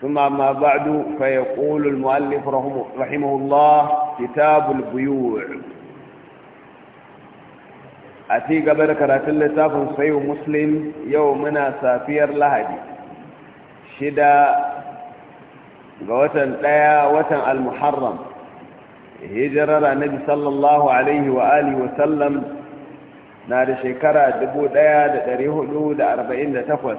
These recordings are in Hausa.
ثم ما بعد فيقول المؤلف رحمه الله كتاب البيوع أتي قبل كراتل لتاف صيو مسلم يومنا سافير لهدي شدا قوتن تايا وتن المحرم هجر النبي صلى الله عليه وآله وسلم نار شكرا دبو تايا دريه لود أربعين لتفوت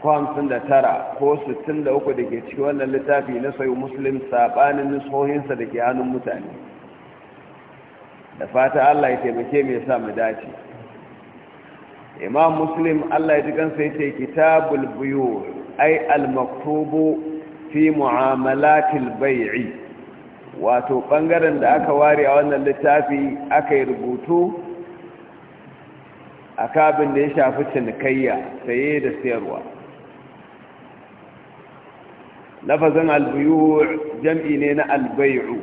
kwamfin da tara ko sittin da uku da ke ciki wannan littafi na sayo musulun saɓanin nisohinsa da ke hannun mutane da fata allah ya taimake mai sa mu dace imam muslim allah ya ji kansa ya ce kitabul biyu ai al-maktubu fi mu'amalatil bai'i wato ɓangaren da aka ware a wannan littafi aka yi rubutu a kabin da ya shafi cinikayya saye da sayarwa lafazin albiyu jam'i ne na albayu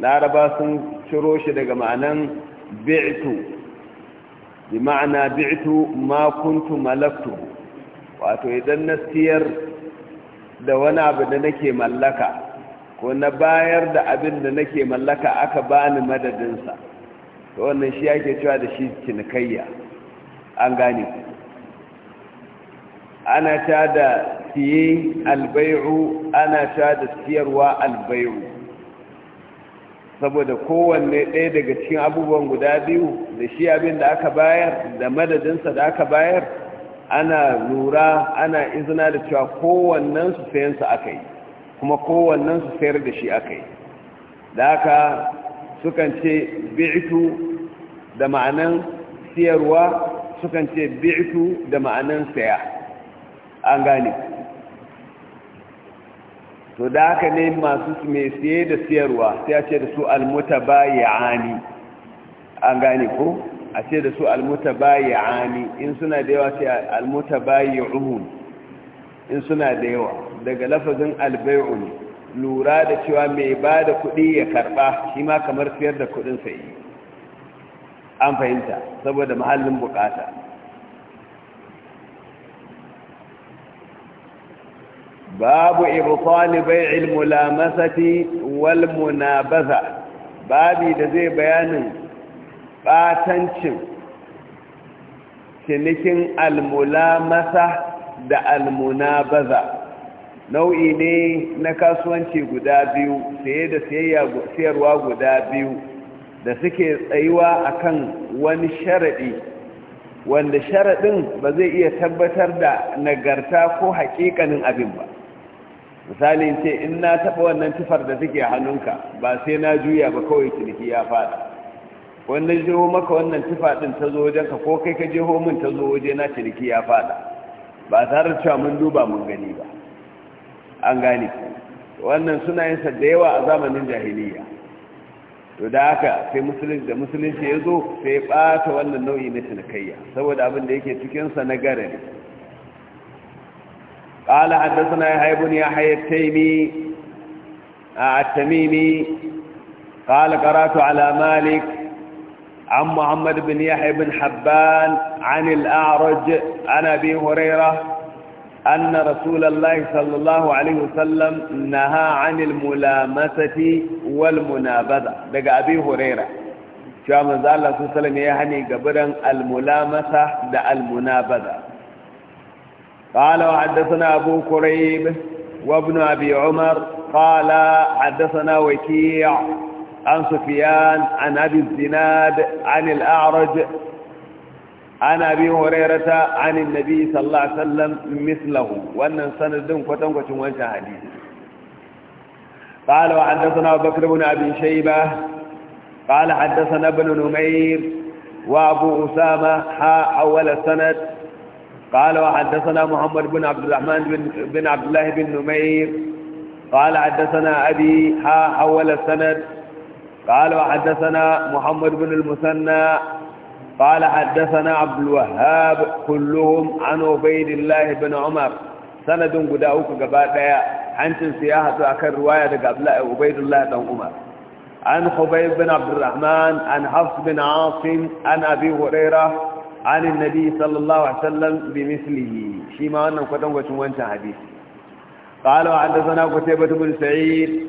laraba sun ciro shi daga ma'anan bi'tu bi ma'ana bi'tu ma kuntu malaktu wato idan na siyar da wani abu da nake mallaka ko na bayar da abin da nake mallaka aka bani madadinsa to wannan shi ake cewa da shi cinikayya an gane ana ta da siye albayu ana sha da siyarwa albayu saboda kowanne ɗaya daga cikin abubuwan guda biyu da shi abin da aka bayar da madadinsa da aka bayar ana lura ana izina da cewa kowannen su sayansa aka yi kuma kowannen su sayar da shi aka yi da aka sukan ce bi'itu da ma'anan siyarwa sukan ce bi'itu da ma'anan saya an gane to da haka ne masu mai siye da siyarwa sai a ce da su almuta ani an gane ko a ce da su almuta ani in suna da yawa sai almuta uhun, in suna da yawa daga lafazin albayun ne lura da cewa mai ba da kuɗi ya karɓa shi ma kamar siyar da kuɗin sai an fahimta saboda mahallin bukata babu ibtali bai'il mulamasati wal munabaza babi da zai bayanin batancin cinikin almulamasa da almunabaza nau'i ne na kasuwanci guda biyu saye da sayarwa guda biyu da suke tsayuwa akan wani sharaɗi wanda sharaɗin ba zai iya tabbatar da nagarta ko haƙiƙanin abin ba misali ce in na taɓa wannan tufar da take hannunka ba sai na juya ba kawai ciniki ya faɗa wannan jeho maka wannan tufa ɗin ta zo wajenka ko kai ka jeho min ta zo waje na ciniki ya faɗa ba tare da cewa mun duba mun gani ba an gane wannan suna yin sa da yawa a zamanin jahiliya to da haka sai musulunci da musulunci ya zo sai ya ɓata wannan nau'i na cinikayya saboda abin da yake cikinsa na gare ne قال حدثنا يحيى بن يحيى التيمي التميمي قال قرات على مالك عن محمد بن يحيى بن حبان عن الأعرج عن أبي هريرة أن رسول الله صلى الله عليه وسلم نهى عن الملامسة والمنابذة لقى أبي هريرة شو عمز الله صلى الله عليه وسلم يهني قبرا الملامسة دا المنابذة قال وحدثنا أبو كريب وابن أبي عمر قال حدثنا وكيع عن سفيان عن أبي الزناد عن الأعرج عن أبي هريرة عن النبي صلى الله عليه وسلم مثله وأن سند فتن كتن وانشا حديث قال وحدثنا بكر بن أبي شيبة قال حدثنا ابن نمير وأبو أسامة حا أول السند قال وحدثنا محمد بن عبد الرحمن بن, بن عبد الله بن نمير قال حدثنا أبي ها حول السند قال وحدثنا محمد بن المثنى قال حدثنا عبد الوهاب كلهم عن عبيد الله بن عمر سند قد أوك قبادة عن سياحة أكر رواية قبل عبيد الله بن عمر عن خبيب بن عبد الرحمن عن حفص بن عاصم عن أبي هريرة عن النبي صلى الله عليه وسلم بمثله شيما أنه قتنقوا وانت حديث قال وحدثنا قتيبة بن سعيد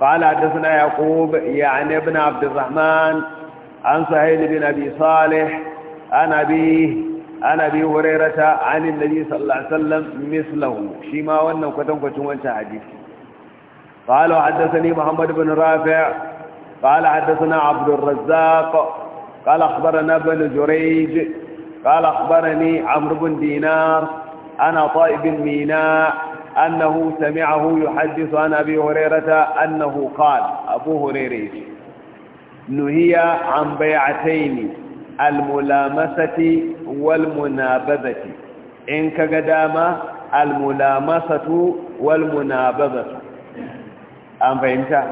قال حدثنا يعقوب يعني ابن عبد الرحمن عن سهيل بن أبي صالح عن أبيه عن أبي هريرة عن النبي صلى الله عليه وسلم مثله شيما وأنه قتنقوا وانت حديث قال وحدثني محمد بن رافع قال حدثنا عبد الرزاق قال أخبرنا ابن جريج قال أخبرني عمرو بن دينار أنا طائب بن ميناء أنه سمعه يحدث عن أبي هريرة أنه قال أبو هريرة نهي عن بيعتين الملامسة والمنابذة إن كقدام الملامسة والمنابذة أم فهمت؟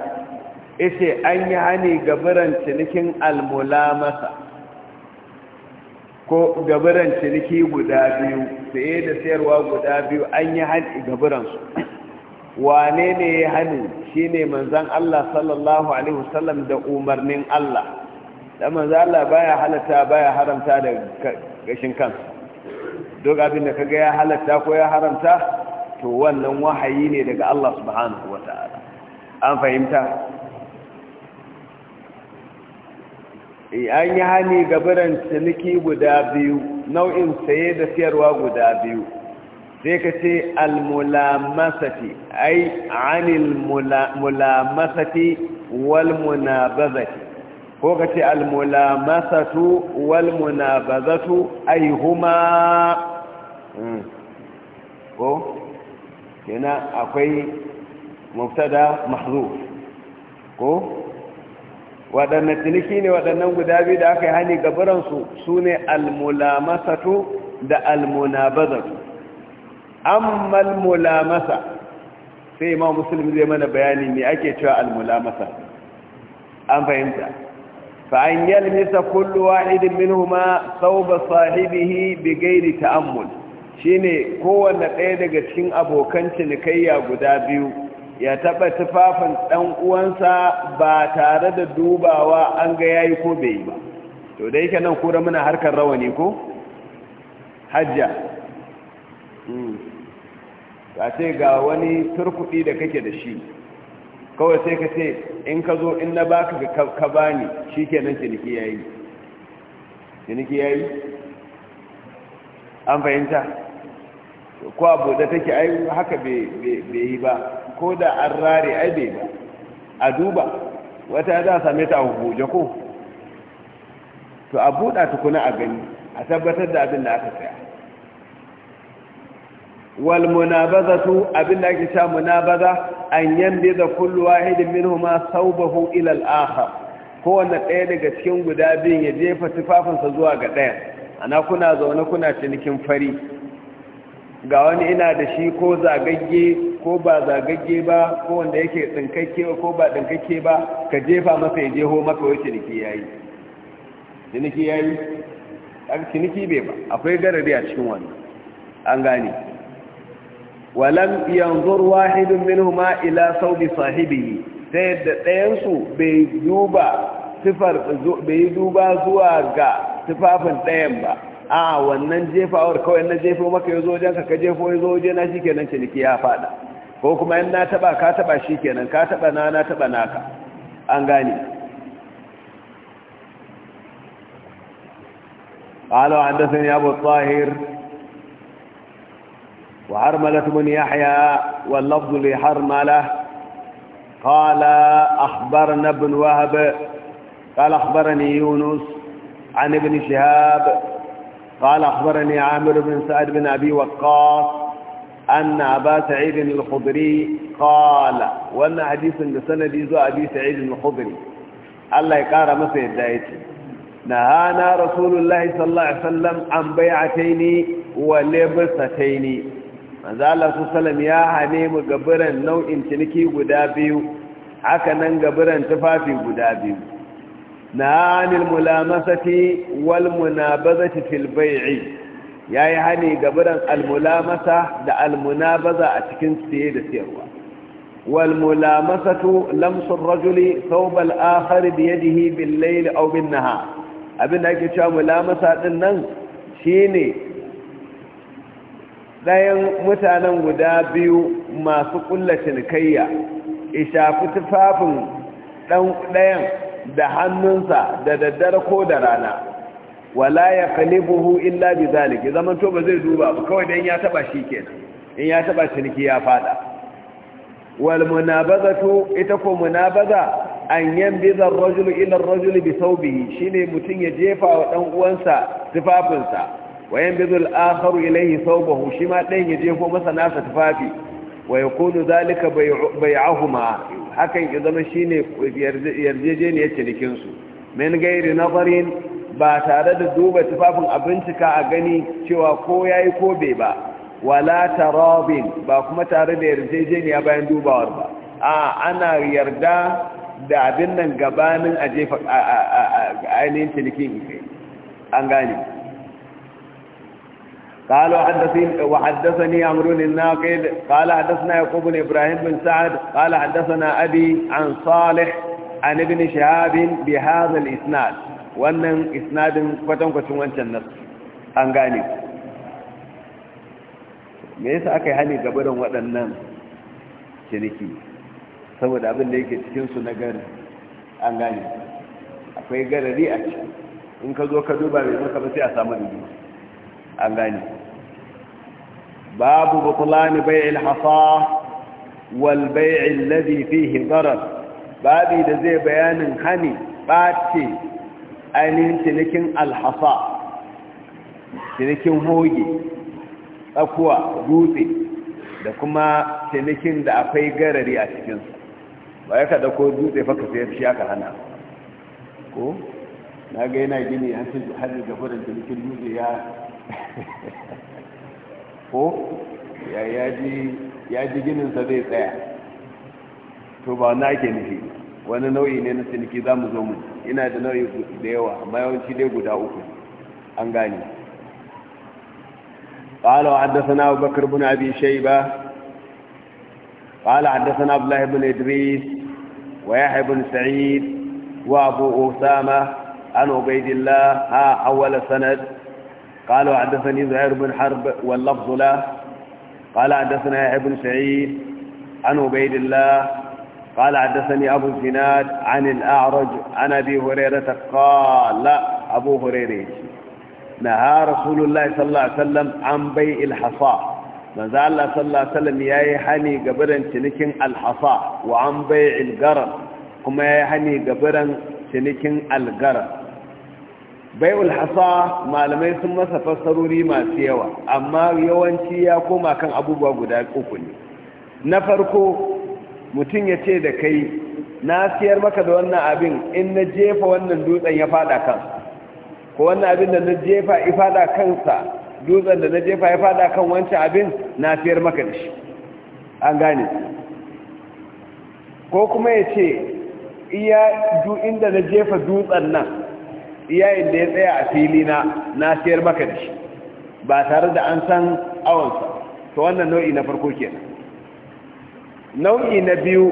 إيش أن يعني قبرا تلك الملامسة ko gabaran ciniki guda biyu saye da sayarwa guda biyu an yi hani gabaransu. wane ne ya hani shi ne manzan Allah sallallahu Alaihi wasallam da umarnin Allah da manzan Allah baya halatta baya haramta da gashin kansa duk abin da kaga ya halatta ko ya haramta to wannan wahayi ne daga Allah subhanahu wa ta'ala an fahimta an yi hani gabaran ciniki guda biyu nau'in saye da siyarwa guda biyu sai ka ce almulamasati ai anil mulamasati walmuna bazati ko ka ce almulamasatu walmuna bazatu ai huma hmm. ko yana akwai mubtada mahzuf ko Waɗannan ciniki ne waɗannan guda biyu da aka yi hani gabaransu su ne almulamasatu da almunabazatu amma almulamasa sai imam musulmi zai mana bayani me ake cewa almulamasa an fahimta fa'an yalmisa kullu wahidin minhuma sauba sahibihi bi gairi ta'ammul shine kowanne ɗaya daga cikin abokan cinikayya guda biyu ya taba tufafin ɗan uwansa ba tare da dubawa an ga ya yi ko bai ba to dai ke nan kura muna harkar rawani ko hajja hmm. ka ce ga wani turkuɗi da kake da shi kawai sai ka ce in ka zo in na baka ga ka bani shi ke nan ciniki ya yi. ciniki ya yi? an fahimta ko a da take ai haka bai yi ba ko da an rare ai bai ba a duba wata za a same ta a hujja ko to a buɗa tukuna a gani a tabbatar da abin da aka saya wal tu abin da ake sha munabaza an yambe da kullu wahidin sau saubahu ila al-akhar kowanne ɗaya daga cikin guda biyun ya jefa tufafinsa zuwa ga ɗaya ana kuna zaune kuna cinikin fari ga wani ina da shi ko zagagge ko ba zagagge ba ko wanda yake tsinkakke ko ba tsinkakke ba ka jefa masa ya jeho maka wace ciniki yayi ciniki yayi aka ciniki bai ba akwai garari a cikin wani an gane walam yanzur wahidun minhuma ila saubi sahibihi sai da ɗayansu bai duba sifar bai duba zuwa ga tufafin ɗayan ba a wannan jefawar kawai na jefo maka ya zo wajenka ka jefo ya zo wajena shi kenan ciniki ya fada ko kuma in na taba ka taba shi kenan ka taba na na taba naka an gane قالوا حدثني أبو الطاهر وحرملة بن يحيى واللفظ لحرملة قال أخبرنا ابن وهب قال أخبرني يونس عن ابن شهاب قال أخبرني عامر بن سعد بن أبي وقاص أن أبا سعيد الخضري قال وأن حديث بسند يزو أبي سعيد الخضري الله يقار مسيح دايتي نهانا رسول الله صلى الله عليه وسلم عن بيعتين ولبستين manzo Allah su salam ya hane mu gaburan nau'in ciniki guda biyu haka nan gaburan tufafi guda biyu نعن الملامسة والمنابذة في البيع ya yi hani gabaran almulamasa da almunabaza a cikin siye da siyarwa walmulamasatu lamsun rajuli saubal akhari da yadihi bin laili au naha abinda ake cewa mulamasa ɗinnan nan shine ɗayan mutanen guda biyu masu ƙulla cinikayya ishafi tufafin ɗayan da hannunsa da daddare ko da rana wala ya kalibuhu illa bi zalika zaman to ba zai duba ba kawai dan ya taba shi kenan in ya taba ciniki ya fada wal munabazatu ita ko munabaza an yanbiza ar-rajulu ila ar-rajuli bi thawbihi shine mutun ya jefa wa dan uwansa tufafinsa wa yanbizu al-akharu ilayhi thawbahu shima dan ya jefo masa nasa tufafi wa yakunu zalika bay'ahuma hakan ya zama shi ne yarjejeniyar cinikinsu min gairi nazarin ba tare da duba tufafin abincika a gani cewa ko ya yi ko bai ba wala tarabin ba kuma tare da yarjejeniya bayan dubawar ba a ana yarda da abin nan gabanin a ainihin cinikin ikai an gane قال وحدثني وحدثني عمرو الناقد قال حدثنا يعقوب بن ابراهيم بن سعد قال حدثنا ابي عن صالح عن ابن شهاب بهذا الاسناد wannan isnadin kwatankwacin wancan nas an gane me yasa aka yi hali gabarin waɗannan ciniki saboda abin da yake cikinsu na gari an gane akwai garari a ciki in ka zo ka duba mai maka sai a samu an babu butulani bai'il hasa wal bai'il ladhi fihi darar babi da zai bayanin hani ɓace ainihin cinikin alhasa cinikin hoge tsakuwa dutse da kuma cinikin da akwai garari a cikinsu ba ya kada ko dutse faka sai shi aka hana ko na ga yana gini an ce hajji gafarin cinikin dutse ya ko ya ji gininsa zai tsaya to ba wani ake nufi wani nau'i ne na siniki za mu zo mu ina da nau'i da yawa amma yawanci dai guda uku an gane قال وحدثنا أبو بكر بن أبي ba? قال حدثنا عبد الله بن إدريس ويحيى بن سعيد وأبو أسامة عن عبيد الله ها أول sanad. قال وحدثني زهير بن حرب واللفظ له قال حدثنا يحيى بن سعيد عن عبيد الله قال حدثني أبو الزناد عن الأعرج عن أبي هريرة قال لا أبو هريرة نهى رسول الله صلى الله عليه وسلم عن بيع الحصى manzo Allah sallallahu alaihi wasallam yayi hani gabaran cinikin alhasa wa an bai'il garam kuma yayi hani gabaran cinikin algaram Bai hasa malamai sun masa fassarori masu yawa amma yawanci ya koma kan abubuwa guda uku ne na farko mutum ya ce da kai na siyar maka da wannan abin in na jefa wannan dutsen ya fada kansa ko wannan abin da na jefa ya fada kansa dutsen da na jefa ya fada kan wancan abin na siyar maka da shi an gane ko kuma ya ce iya inda na jefa dutsen nan iyayen da ya tsaya a fili na na siyar maka da shi ba tare da an san awansa to wannan nau'i na farko kenan nau'i na biyu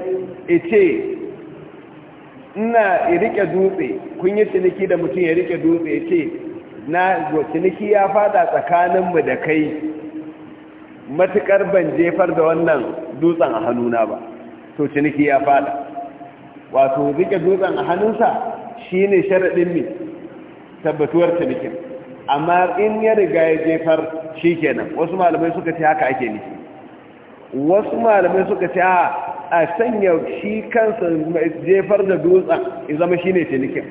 ice ina rike dutse kun yi ciniki da mutum ya rike dutse ce na ciniki ya fada tsakaninmu da kai matukar ban jefar da wannan dutsen a hannuna ba to ciniki ya fada wato rike dutsen a hannunsa shine sharaɗin mai tabbatuwar cinikin amma in ya riga ya jefar shi kenan wasu malamai suka ce haka ake nufi wasu malamai suka ce a sanya shi kansa jefar da dutsen in zama shi ne cinikin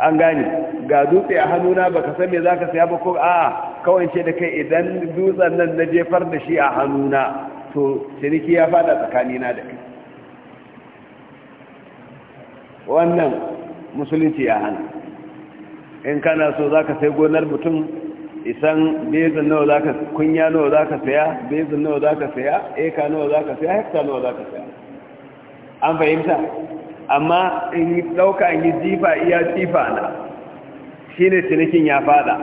an gani ga dutse a hannuna ba ka san me za ka saya ba ko a kawance da kai idan dutsen nan na jefar da shi a hannuna to ciniki ya fada tsakanina da kai wannan musulunci ya hana in kana so za ka sai gonar mutum isan bezin nawa za ka kunya nawa za ka saya bezin nawa za ka saya eka nawa za ka saya hekta nawa za ka saya an fahimta amma in yi ɗauka in yi jifa iya jifa na shi ne cinikin ya fada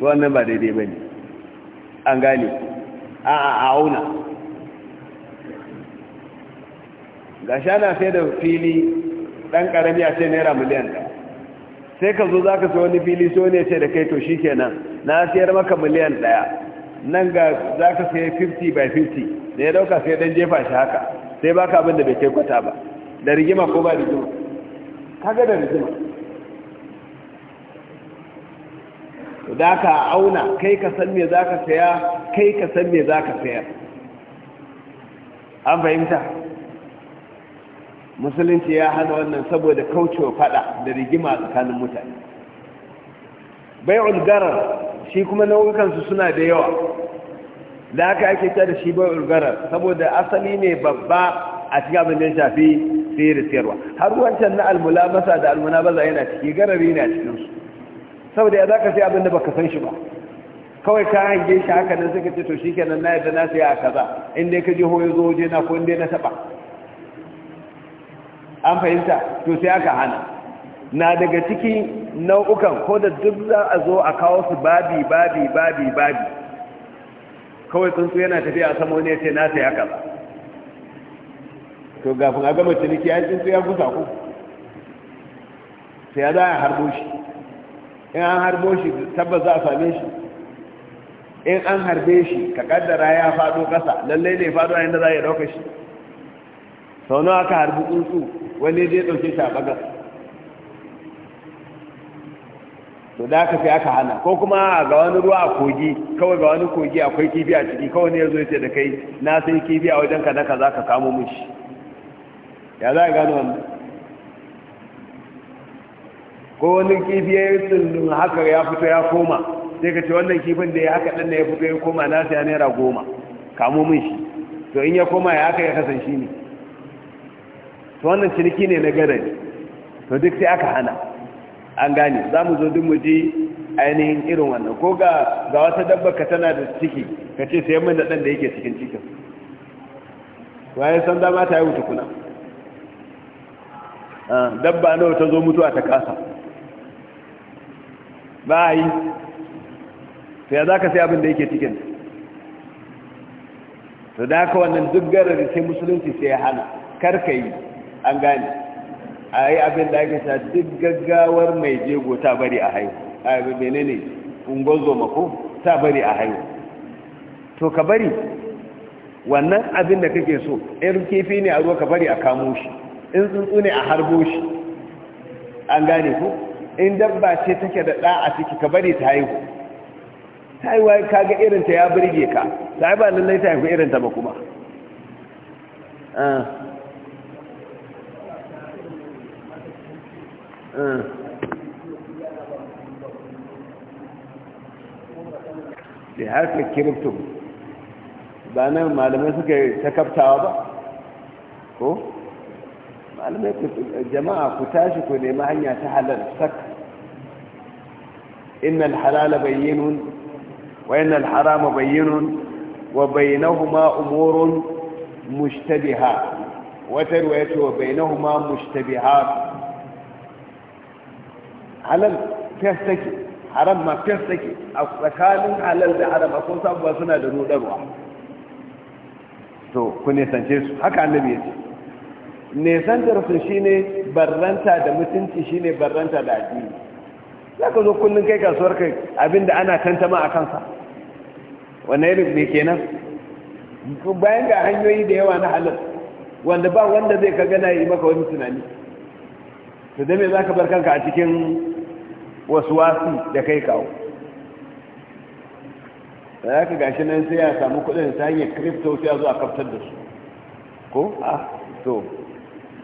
wannan ba daidai ba ne an gane a a auna ga shana na sai da fili dan karami a ce naira miliyan ɗaya sai ka zo za ka sai wani fili son ne ya ce da kai to shi kenan na siyar maka miliyan ɗaya nan ga za ka sai 50 by 50 da ya dauka sai dan jefa shi haka sai ba ka abinda bai kai kwata ba da rigima ko ba rigima ga da rigima da ka auna kai ka san me za ka saya kai ka san me za ka sayar an fahimta musulunci ya hana wannan saboda kaucewa fada da rigima tsakanin mutane bai'ul garar shi kuma su suna da yawa da haka ake ta da shi bai'ul garar saboda asali ne babba a cikin abin da ya shafi sayar da sayarwa har wancan na almulamasa da almunabaza yana ciki garari na cikinsu saboda ya za ka sai abin da baka san shi ba kawai ka hange shi haka nan suka ce to shi kenan na yadda na saya a kaza dai ka je hoyo zo waje na ko dai na taba an fahimta to sai aka hana na daga cikin nau'ukan ko da duk za a zo a kawo su babi babi babi babi kawai tsuntsu yana tafiya a sama wani ya ce na sai haka to gafin a gama ciniki ya tsuntsu ya gusa ku sai ya za a harbo shi in an harbo shi tabbas za a same shi in an harbe shi ka kaddara ya faɗo ƙasa lallai ne fado a yadda za a yi ɗauka shi sau nawa ka harbi tsuntsu wani zai ɗauke shi a ɓagar to da aka sai aka hana ko kuma ga wani ruwa a kogi kawai ga wani kogi akwai kifi a ciki kawai ne ya zo ce da kai na sai kifi a wajen ka na kaza ka kamo mushi ya za a gano wani ko wani kifi ya yi tsundun haka ya fito ya koma sai ka ce wannan kifin da ya haka ɗan ya fito ya koma na sai naira goma kamo mushi to in ya koma ya haka ya kasance ne To wannan ciniki ne na garari to duk sai aka hana an gane za mu zo duk mu ji ainihin irin wannan ko ga ga wata dabba ka tana da ciki ka ce sai mun da dan da yake cikin cikin waye san dama ta yi wuta kuna ah, dabba nawa ta zo mutuwa ta kasa ba yi sai za ka sai abin da yake cikin to da ka wannan duk garin sai musulunci sai ya hana karkai yi an gane a yi abin da ake sa duk gaggawar mai jego ta bari a haihu a yi bene ne ungozo mako ta bari a haihu to ka bari wannan abin da kake so in kifi ne a ruwa ka bari a kamo shi in tsuntsu ne a harbo shi an gane ku in dabba ce take da ɗa a ciki ka bari ta haihu ta yi ka ga irinta ya birge ka ta ba lallai ta haihu irinta ba kuma ah. آه. da harkar kiripto ba nan malamai suka ta kaftawa ba ko malamai jama'a ku tashi ku nemi hanya ta halal sak innal halala bayyinun wa innal harama bayyinun wa bainahuma umurun mushtabiha wata ruwaya ce wa bainahuma mushtabihat halal fes take haram ma fes take a tsakanin halal da haram a kun sabuwa suna da rudarwa to ku nesance su haka annabi ya ce nesantar su shine barranta da mutunci shine barranta da addini za ka zo kullum kai kasuwar kai abinda ana tantama a kansa wannan irin me kenan bayan ga hanyoyi da yawa na halal wanda ba wanda zai ka gana yi maka wani tunani to dame za ka bar kanka a cikin wasu wasu da kai kawo da ya ka gashi nan sai ya samu kudin ta hanyar kripto sai ya zo a kaftar da su ko a to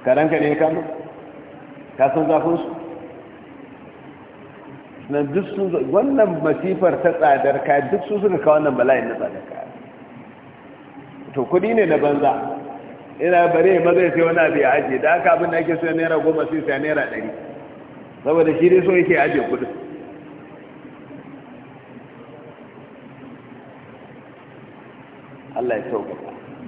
karanka ne kama ka san zafin su na duk sun wannan masifar ta tsadar ka duk su suka kawo wannan bala'in na tsadar ka to kudi ne na banza ina bare mazai sai wani abu ya ajiye da aka abin da ake sai naira goma sai sai naira ɗari saboda shi dai so yake ajiye kudin Allah ya sauka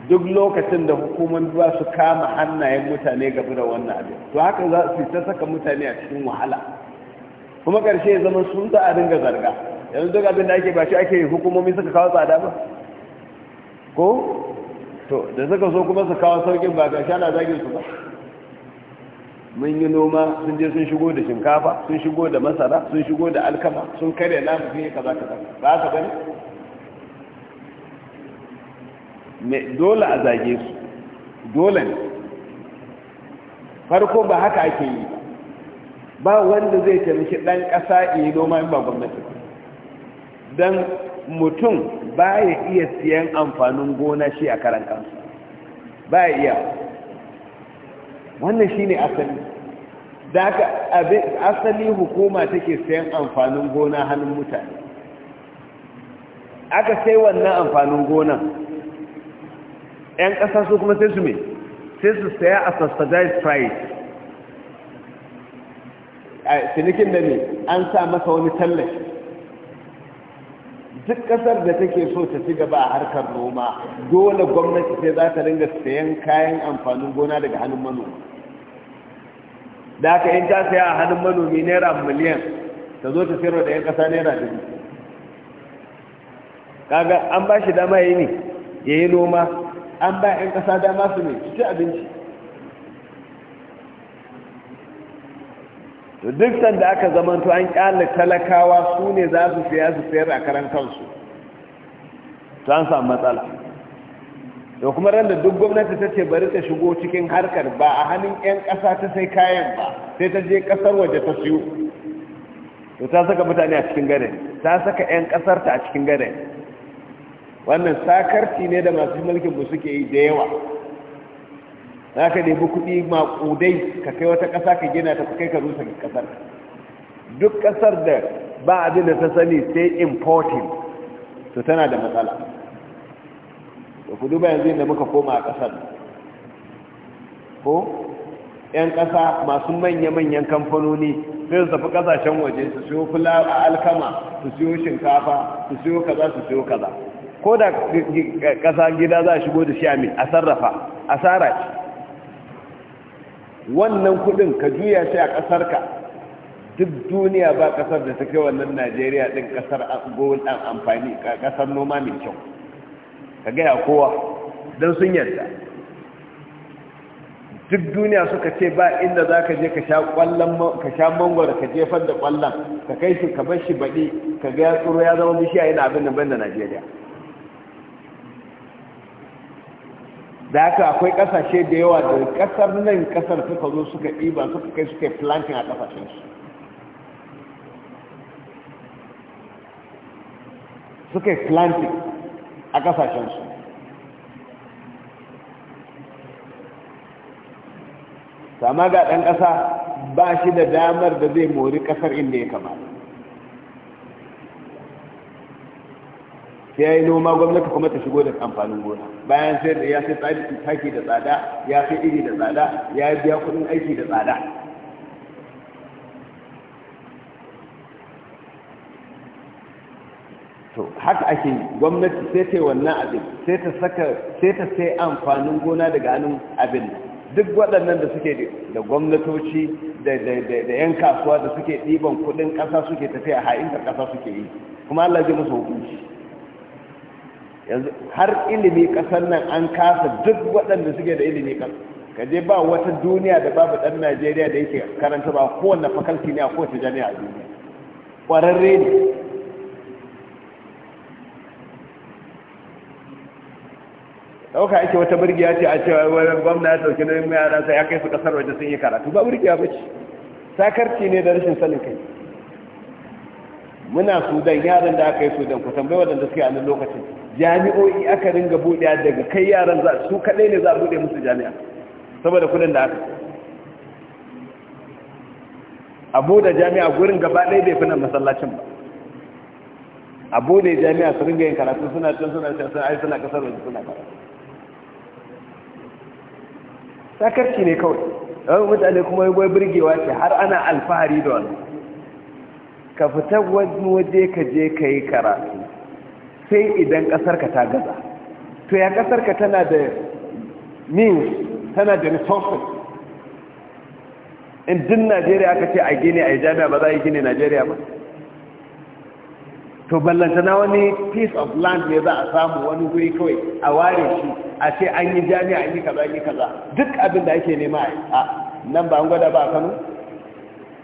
duk lokacin da hukumar ba su kama hannayen mutane gaba da wannan abin to haka za su ta saka mutane a cikin wahala kuma karshe ya zama sun za a dinga zarga yanzu duk abin da ake ba shi ake hukumomi suka kawo tsada ba ko to da suka so kuma su kawo saukin ba ga shana zagin su ba mun yi noma sun je sun shigo da shinkafa sun shigo da masara sun shigo da alkama sun karya namu sun yi kaza kaza ba ka bane me dole a zage su dole ne farko ba haka ake yi ba wanda zai taimaki dan ƙasa yi noma in ba gwamnati dan mutum ba ya iya siyan amfanin gona shi a karan kansu ba ya iya wannan shine asali da haka asali hukuma take sayan amfanin gona hannun mutane aka sai wannan amfanin gona yan ƙasa su kuma sai su mai sai su saya a subsidized price a cinikin da ne an sa masa wani tallafi duk kasar da take so ta ci gaba a harkar noma dole gwamnati sai za ta ringa sayan kayan amfanin gona daga hannun manoma da aka yin ta saya a hannun manomi naira miliyan ta zo ta sayarwa da 'yan kasa naira dubu kaga an ba shi dama yi ne ya yi noma an ba 'yan kasa dama su ne ci abinci to duk sanda aka zamanto an kyalle talakawa su ne za su saya su sayar a karan kansu to an samu matsala da kuma ran da duk gwamnati ta ce bari ta shigo cikin harkar ba a hannun 'yan ƙasa ta sai kayan ba sai ta je ƙasar waje ta siyo to ta saka mutane a cikin gare ta saka 'yan ƙasar ta a cikin gare wannan sakarci ne da masu mulkin mu suke yi da yawa za ka nemi kuɗi maƙudai ka kai wata ƙasa ka gina ta kai ka rusa ƙasar duk ƙasar da ba abin da ta sani sai importing to tana da matsala da ku duba yanzu da muka koma a ƙasar ko 'yan ƙasa masu manya-manyan kamfanoni sai su tafi ƙasashen waje su siyo a alkama su siyo shinkafa su siyo kaza su siyo kaza ko da ƙasa gida za a shigo da shi a sarrafa a ce wannan kudin ka juya shi a ƙasarka duk duniya ba ƙasar da ta kai wannan najeriya din ƙasar gowon ɗan amfani ƙasar noma mai kyau ka gaya kowa don sun yarda duk duniya suka ce ba inda za ka je ka sha mangwara ka jefar da kwallon ka kai shi ka bar shi baɗi ka ga ya tsoro ya zama bishiya yana abin da ban da najeriya da haka akwai kasashe da yawa da kasar nan kasar suka zo suka ɗiba suka kai suka planting a kasashensu suka planting a kasashensu sama ga ɗan ƙasa ba shi da damar da zai mori ƙasar inda ya kamata sai ya yi noma gwamnati kuma ta shigo da amfanin gona bayan sai da ya sai tsari taki da tsada ya sai iri da tsada ya biya kudin aiki da tsada to haka ake yi gwamnati sai ta yi wannan abin sai ta saka sai ta sai amfanin gona daga hannun abin duk waɗannan da suke da gwamnatoci da 'yan kasuwa da suke ɗiban kuɗin ƙasa suke tafiya ha'inta ƙasa suke yi kuma Allah ji musu hukunci yanzu har ilimi kasar nan an kasa duk waɗanda suke da ilimi kasar ka je ba wata duniya da babu ɗan najeriya da yake karanta ba kowane fakalti ne a kowace jami'a a duniya ƙwararre ne ɗauka ake wata birgiya ce a cewa wani gwamna ya ɗauki nauyin yara sai ya kai su ƙasar waje sun yi karatu ba birgiya ba ce sakarci ne da rashin sanin kai muna sudan yaran da aka yi sudan ku tambayi waɗanda suke a nan lokacin jami'o'i aka ringa buɗe daga kai yaran za su kaɗai ne za a buɗe musu jami'a saboda kudin da aka abu da jami'a gurin gaba ɗaya bai fi nan masallacin ba abu da jami'a su ringa yin karatu suna can suna can suna ai suna kasar waje suna karatu sakarci ne kawai yawan mutane kuma gwai birgewa ce har ana alfahari da wani ka fita waje ka je ka yi karatu sai idan ƙasarka ta gaza to ya ƙasarka tana da means tana da resources in din najeriya aka ce a gini a jami'a ba za a yi gini najeriya ba to ballantana wani piece of land ne za a samu wani guri kawai a ware shi a ce an yi jami'a an yi kaza an yi kaza duk abin da ake nema a nan ba an gwada ba a kano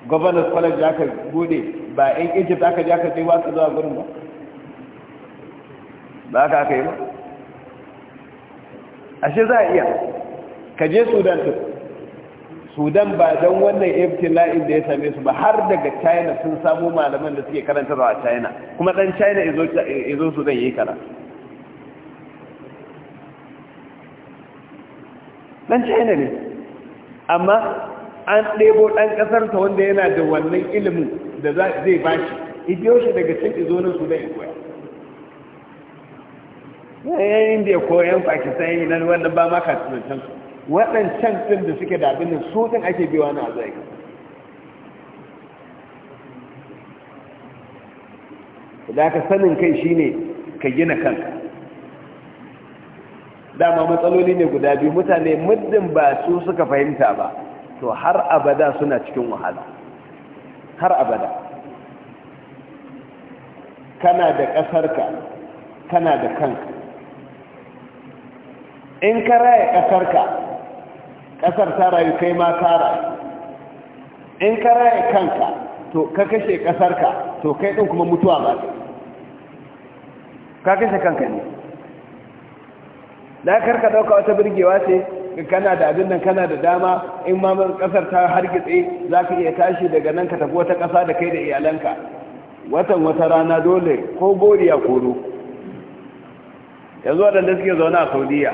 governors college aka gode ba yan egypt aka je aka je wasu zuwa gurin ba ba ka aka yi ba ashe za a iya ka je sudan su sudan ba don wannan iftila'in da ya same su ba har daga china sun samu malaman da suke karanta a china kuma dan china izo sudan ya yi kara dan china ne amma an ɗebo ɗan ƙasar ta wanda yana da wannan ilimin da zai bashi ibiyo shi daga cikin izo na sudan ya koya yan indiya ko yan pakistan yi nan wannan ba maka tunancan su waɗancan ɗin da suke da abin da su ɗin ake biwa na azai da ka sanin kai shine ka gina kanka dama matsaloli ne guda biyu mutane muddin ba su suka fahimta ba to har abada suna cikin wahala har abada kana da ƙasarka kana da kanka in ka raya ƙasarka ƙasar ta rayu kai ma ta rayu in ka raya kanka to ka kashe ƙasarka to kai ɗin kuma mutuwa ba ka kashe kanka ne da karka ɗauka wata birgewa ce kana da abin nan kana da dama in ma ƙasar ta hargitse za ka iya tashi daga nan ka tafi wata ƙasa da kai da iyalanka watan wata rana dole ko goriya koro yanzu waɗanda suke zaune a saudiya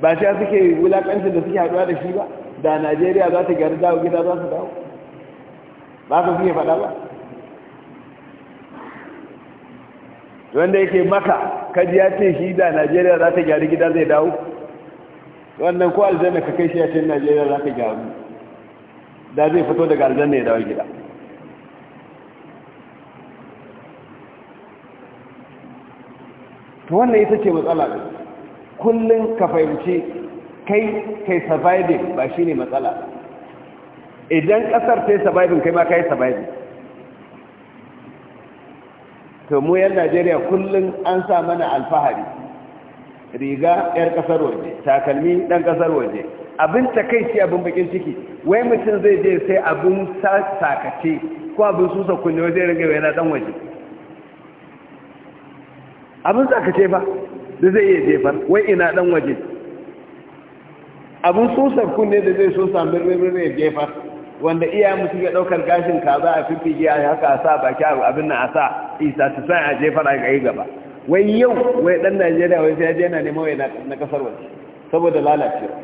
ba shi suke wulakancin da suke haɗuwa da shi ba da najeriya za ta gari dawo gida za su dawo ba su suke faɗa ba wanda yake maka kaji ya ce shi da najeriya za ta gari gida zai dawo wannan ko aljanna ka kai shi ya ce najeriya za ta gari da zai fito daga aljanna ya dawo gida to wannan ita ce matsala ne. kullum ka fahimci kai kai surviving ba shi ne matsala idan kasar ta yi surviving kai ma ka yi surviving to mu yan najeriya kullum an sa mana alfahari riga 'yar ƙasar waje takalmi ɗan ƙasar waje abin takaici abin bakin ciki wai mutum zai je sai abin sakace ko abin susa kunne zai ringa yana dan waje abin sakace ba da zai iya jefar wai ina dan waje abun susar kunne da zai so samun ririn ya jefar wanda iya mutu ya daukar gashin kaza a fifige a haka a sa baki abin na a sa isa ta sa a jefar a gai gaba wai yau wai dan najeriya wai sai yana ne wai na kasar waje saboda lalacewa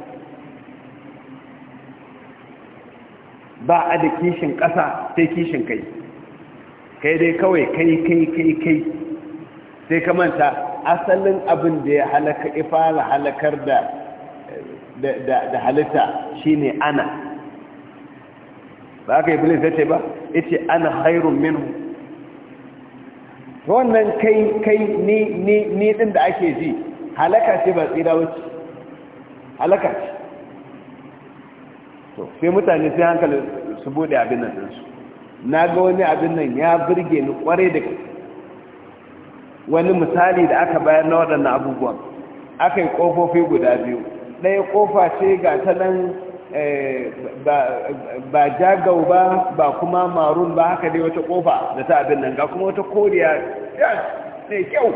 ba a da kishin ƙasa sai kishin kai kai dai kawai kai kai kai kai sai ka manta asalin abin da ya halaka ifara halakar da da halitta shine ana ba ka bilis ya ce ba ita ana hairun minhu wannan kai kai ni ni ni din da ake ji halaka ce ba tsira wuce halaka ce to sai mutane sai hankali su bude abin nan su na ga wani abin nan ya burge ni kware da kai wani misali da aka bayar na waɗannan abubuwan aka yi ƙofofi guda biyu ɗaya ƙofa ce ga ta nan eh, ba jagau ba ba kuma marun ba haka dai wata ƙofa da ta abin nan ga kuma wata koriya ne kyau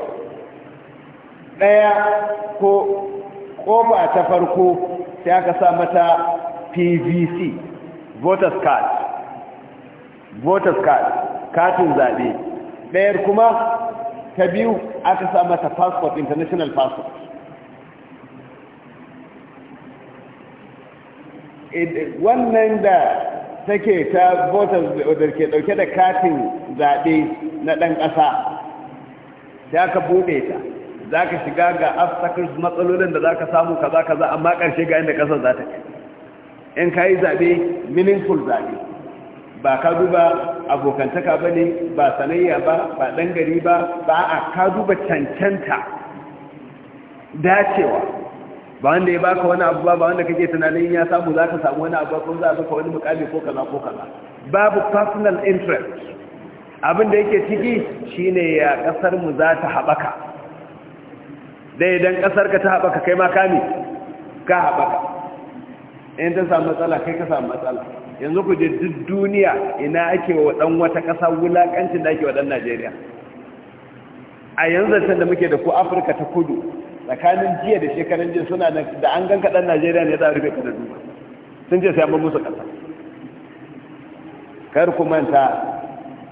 ɗaya ko ƙofa ta farko sai aka sa mata pvc voters card voters card katin zaɓe ɗayar kuma ta biyu aka sa mata passport international passport wannan da take ta voters da ke dauke da katin zaɓe na ɗan ƙasa ta ka buɗe ta za ka shiga ga obstacles matsalolin da za ka samu kaza kaza amma ƙarshe ga inda ƙasar za ta kai in ka yi zaɓe meaningful zaɓe ba ka duba abokantaka ba ne ba sanayya ba ba ɗan gari ba ba a ka duba cancanta dacewa ba wanda ya baka wani abu ba ba wanda kake tunanin ya samu za ka samu wani abu ko za a baka wani mukami ko kaza ko kaza babu personal interest abin da yake ciki shine ya kasar mu za ta haɓaka da idan kasar ka ta haɓaka kai ma kami ka haɓaka in ta samu matsala kai ka samu matsala yanzu ku je duk duniya ina ake wa dan wata ƙasa wulakancin da ake wa dan Najeriya a yanzu can da muke da ku Afirka ta kudu tsakanin jiya da shekarun jiya suna da an ganka dan Najeriya ne da rufe ka da duba sun ce sai an musu ƙasa kar ku manta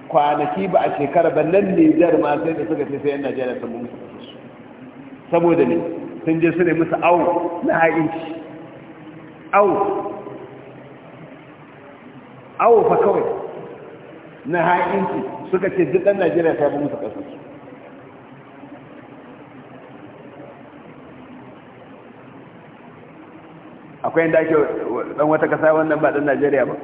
kwanaki ba a shekara ba nan ne jar ma sai da suka ce sai yan Najeriya sun musu saboda ne sun je su ne musu au na ha'inci au awo fa kawai na ha'inci suka ce duk ɗan najeriya ta yi musu ƙasar akwai yadda ake ɗan wata ƙasa wannan ba ɗan najeriya ba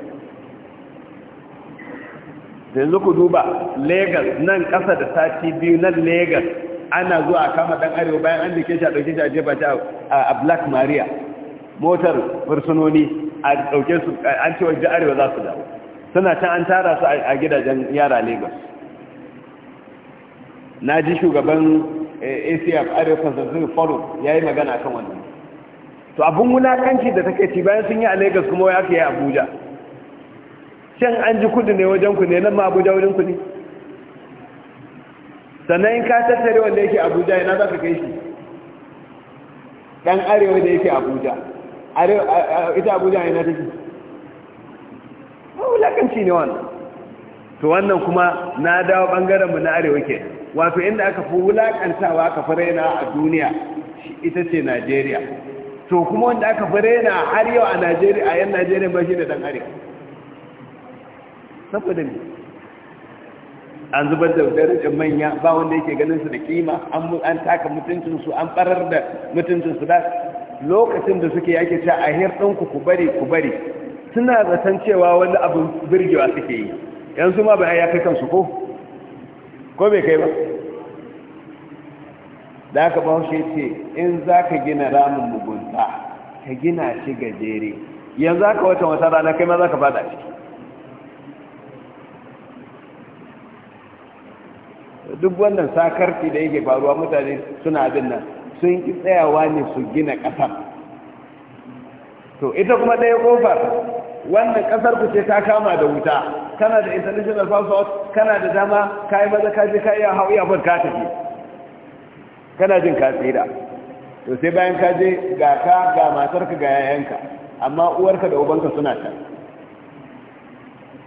yanzu ku duba Legas nan ƙasa da sati biyu nan Legas ana zuwa kama ɗan arewa bayan an dike shi a ɗauke shi a jefa shi a black maria motar fursunoni a ɗauke su an ce wajen arewa za su dawo suna can an tara su a gidajen yara lagos na ji shugaban eh, acf arewa consulting forum ya yi magana kan wannan to abin wulakanci da take ci bayan sun yi a lagos kuma ya ke yi abuja can an ji kudu ne wajen ku ne nan ma abuja wurin ku ne sannan in ka tattare wanda yake abuja yana za ka kai shi ɗan arewa da yake abuja ita abuja yana take lakanci ne wannan to wannan kuma na dawo bangarenmu na arewa ke wato inda aka fi wulakantawa aka fi raina a duniya ita ce najeriya to kuma wanda aka fi raina har yau a najeriya a yan najeriya ba shi da dan arewa saboda ne an zubar da darajar manya ba wanda yake ganin su da kima an taka mutuncinsu an barar da mutuncinsu da lokacin da suke yake ce a hirɗinku ku bari ku bari suna zaton cewa wani abin birgewa suke yi yanzu ma bayan ya kai kansu ko ko bai kai ba da aka bahaushe ce in za ka gina ramin mugunta ka gina shi gajere yanzu aka wata wata rana kai ma za ka fada ciki duk wannan sakarci da yake faruwa mutane suna abin nan sun ƙi tsayawa ne su gina ƙasar to ita kuma ɗaya ƙofar wannan ƙasar ku ce ta kama da wuta kana da international passport kana da dama ka yi maza ka je ka iya hau iya bar ka tafi kana jin ka tsira to sai bayan ka je ga ka ga matarka ga yayanka amma uwarka da ubanka suna can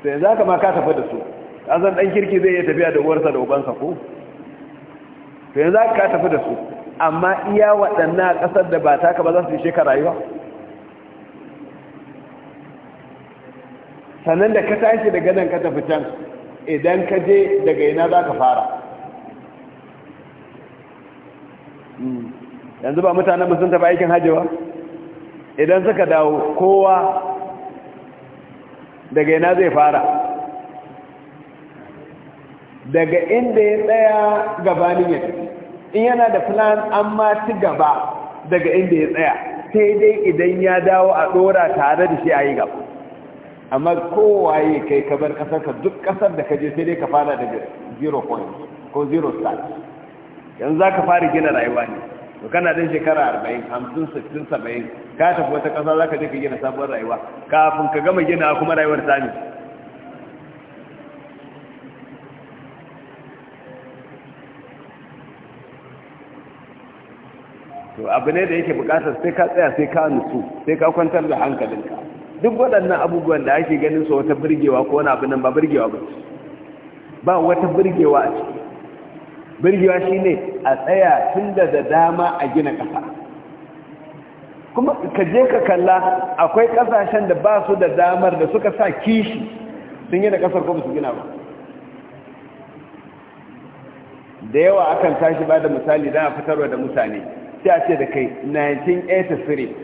sai za ka ma ka tafi da su san ɗan kirki zai iya tafiya da uwarsa da ubansa ko sai za ka tafi da su amma iya waɗannan a ƙasar da ba ta ba za su yi ka rayuwa sannan da ka tashi daga nan ka tafi can idan ka je daga ina za ka fara hmm. yanzu ba mutanen musun tafi aikin hajjewa idan suka dawo kowa daga ina zai fara daga inda ya tsaya gabanin ya tafi in yana da plan an ma ci gaba daga inda ya tsaya sai dai idan ya dawo a ɗora tare da shi a yi gaba amma kowaye kai ka bar ƙasar ka duk ƙasar da ka je sai dai ka fara daga zero point ko zero start yanzu za ka fara gina rayuwa ne to kana ɗin shekara arba'in hamsin sittin saba'in ka tafi wata ƙasa za ka je ka gina sabuwar rayuwa kafin ka gama gina kuma rayuwar ta ne to abu ne da yake bukatar sai ka tsaya sai ka nutsu sai ka kwantar da hankalinka duk waɗannan abubuwan da ake ganin su wata birgewa ko wani abu nan ba birgewa ba ba wata birgewa a ciki birgewa shine a tsaya tun da da dama a gina ƙasa kuma ka je ka kalla akwai ƙasashen da ba su da damar da suka sa kishi sun yi da kasar ko su gina ba da yawa akan tashi ba da misali don a fitarwa da mutane sai a ce da kai 1983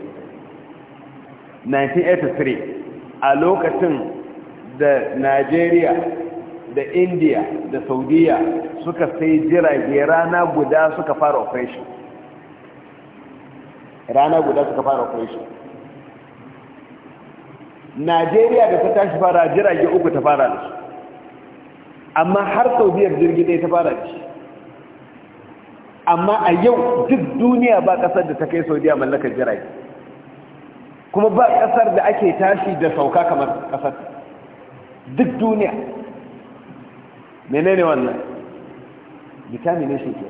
1983 a lokacin da nigeria da india da saudiya suka sai jirage rana guda suka fara operation rana guda suka fara operation najeriya da ta tashi fara jirage uku ta fara da su amma har saudiyar jirgi ɗaya ta fara da shi amma a yau duk duniya ba kasar da ta kai saudiya mallakar jirage kuma ba kasar da ake tashi da sauka kamar kasar duk duniya menene wannan shi ke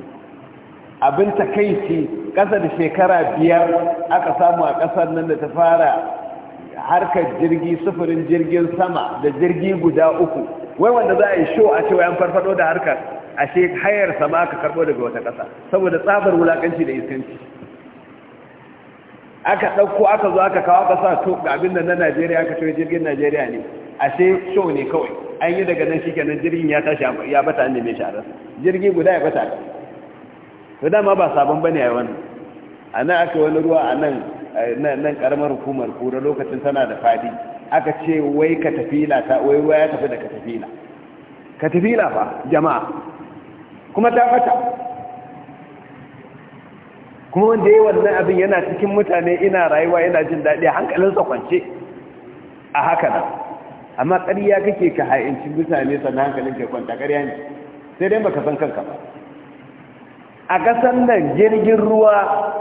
abin takaici kasa da shekara biyar aka samu a ƙasar nan da ta fara harkar jirgi sufurin jirgin sama da jirgi guda uku wai wanda za a yi show a cewa yan farfado da harkar ashe hayar sama ka karbo daga wata ƙasa saboda tsabar wulakanci da iskanci aka ɗauko aka zo aka kawo ƙasa to ga abin da na najeriya aka cire jirgin najeriya ne ashe show ne kawai an yi daga nan shi kenan jirgin ya tashi ya bata ne mai sharar jirgi guda ya bata to dama ba sabon bane a wannan a nan aka wani ruwa a nan nan karamar hukumar kura lokacin tana da fadi aka ce wai katafila ta wai ya tafi da ka tafila fa jama'a kuma ta fata kuma wanda yi wannan abin yana cikin mutane ina rayuwa yana jin daɗi hankalinsa kwance a haka nan amma ƙarya kake ka ha'inci mutane sannan hankalin ke kwanta ƙarya ne sai dai baka san kanka ba a ƙasan nan jirgin ruwa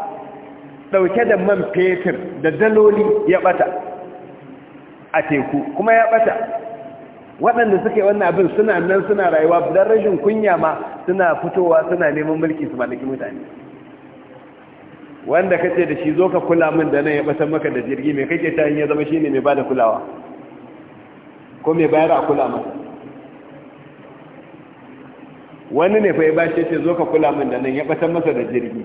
ɗauke da man fetur da daloli ya ɓata a teku kuma ya ɓata waɗanda suka yi wannan abin suna nan suna rayuwa don rashin kunya ma suna fitowa suna neman mulki su mallaki mutane wanda kace da shi zo ka kula min da nan ya batar maka da jirgi mai kake ta ya zama shine mai bada kulawa ko mai bayar a kula masa wani ne fa ya bashi ce zo ka kula min da nan ya batar masa da jirgi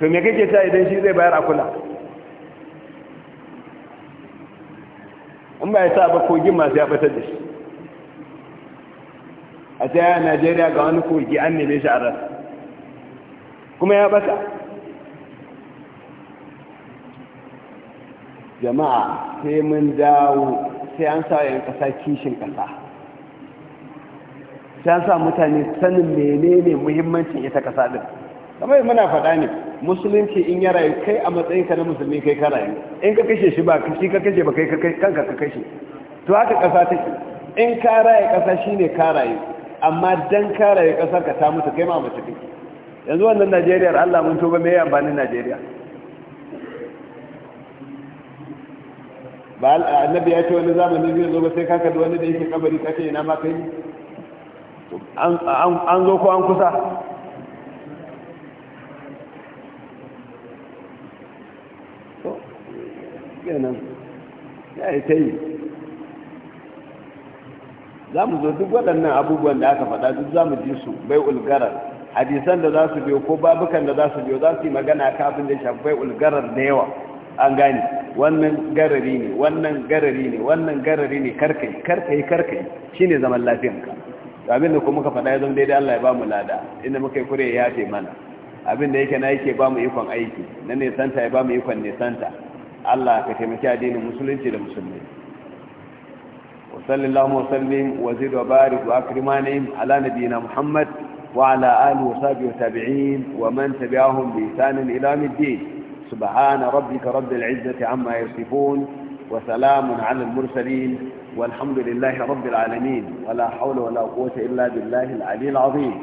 to me kake ta idan shi zai bayar a kula in ba ya sa ba kogin masu ya batar da shi a ta yaya najeriya ga wani kogi an neme shi a rasa kuma ya bata jama'a sai mun dawo sai an sa yan kasa kishin kasa sai an sa mutane sanin menene muhimmancin ita kasa din kamar muna faɗa ne musulunci in ya rayu kai a matsayin ka na musulmi kai ka rayu in ka kashe shi ba shi ka kashe ba kai ka kai kanka ka kashe to haka ƙasa take in ka raye ƙasa shine ka rayu amma dan ka raye ƙasa ka ta mutu kai ma mace kake yanzu wannan Najeriya Allah mun tuba me ya amfanin Najeriya ba annabi ya ce wani zamani zai zo ba sai ka kada wani da yake kabari kace ina ma kai an zo ko an kusa kenan ya yi ta yi za mu zo duk waɗannan abubuwan da aka faɗa duk za mu ji su bai ulgarar hadisan da za su biyo ko babukan da za su biyo za su yi magana kafin da shafi bai ulgarar da yawa an gane wannan garari ne wannan garari ne wannan garari ne karkai karkai karkai shine zaman lafiyanka abin da kuma ka faɗa ya zama daidai Allah ya ba mu lada inda muka yi kure ya ce mana abin da yake na yake ba mu ikon aiki na nesanta ya ba mu ikon nesanta الله كتمك دين المسلمين في المسلمين وصل الله وسلم وزيد وبارك وأكرمانهم على نبينا محمد وعلى اله وصحبه وتابعين ومن تبعهم بإحسان إلى الدين سبحان ربك رب العزة عما يصفون وسلام على المرسلين والحمد لله رب العالمين ولا حول ولا قوة إلا بالله العلي العظيم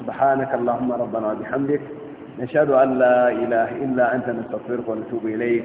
سبحانك اللهم ربنا وبحمدك نشهد أن لا إله إلا أنت نستغفرك ونتوب إليك